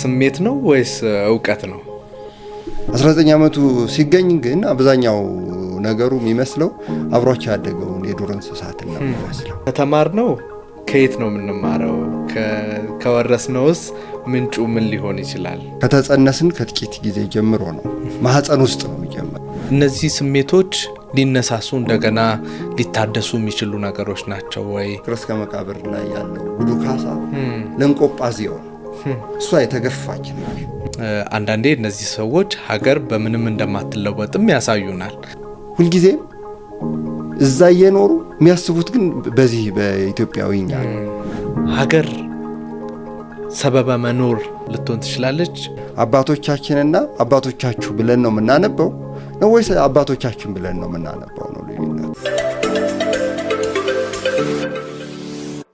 ስሜት ነው ወይስ እውቀት ነው? 19 ዓመቱ ሲገኝ ግን አብዛኛው ነገሩ የሚመስለው አብሯቸው ያደገውን የዱር እንስሳትን ነው የሚመስለው። ከተማር ነው ከየት ነው የምንማረው? ከወረስነውስ ምንጩ ምን ሊሆን ይችላል? ከተጸነስን ከጥቂት ጊዜ ጀምሮ ነው፣ ማህፀን ውስጥ ነው የሚጀምረው። እነዚህ ስሜቶች ሊነሳሱ እንደገና ሊታደሱ የሚችሉ ነገሮች ናቸው ወይ? ፍቅር እስከ መቃብር ላይ ያለው ጉዱ ካሳ ለንቆጳዚዮን እሷ የተገፋች ነች። አንዳንዴ እነዚህ ሰዎች ሀገር በምንም እንደማትለወጥም ያሳዩናል። ሁልጊዜም እዛ እየኖሩ የሚያስቡት ግን በዚህ በኢትዮጵያዊኛ ሀገር ሰበበ መኖር ልትሆን ትችላለች። አባቶቻችንና አባቶቻችሁ ብለን ነው የምናነበው ነው ወይስ አባቶቻችን ብለን ነው የምናነበው ነው ልዩነት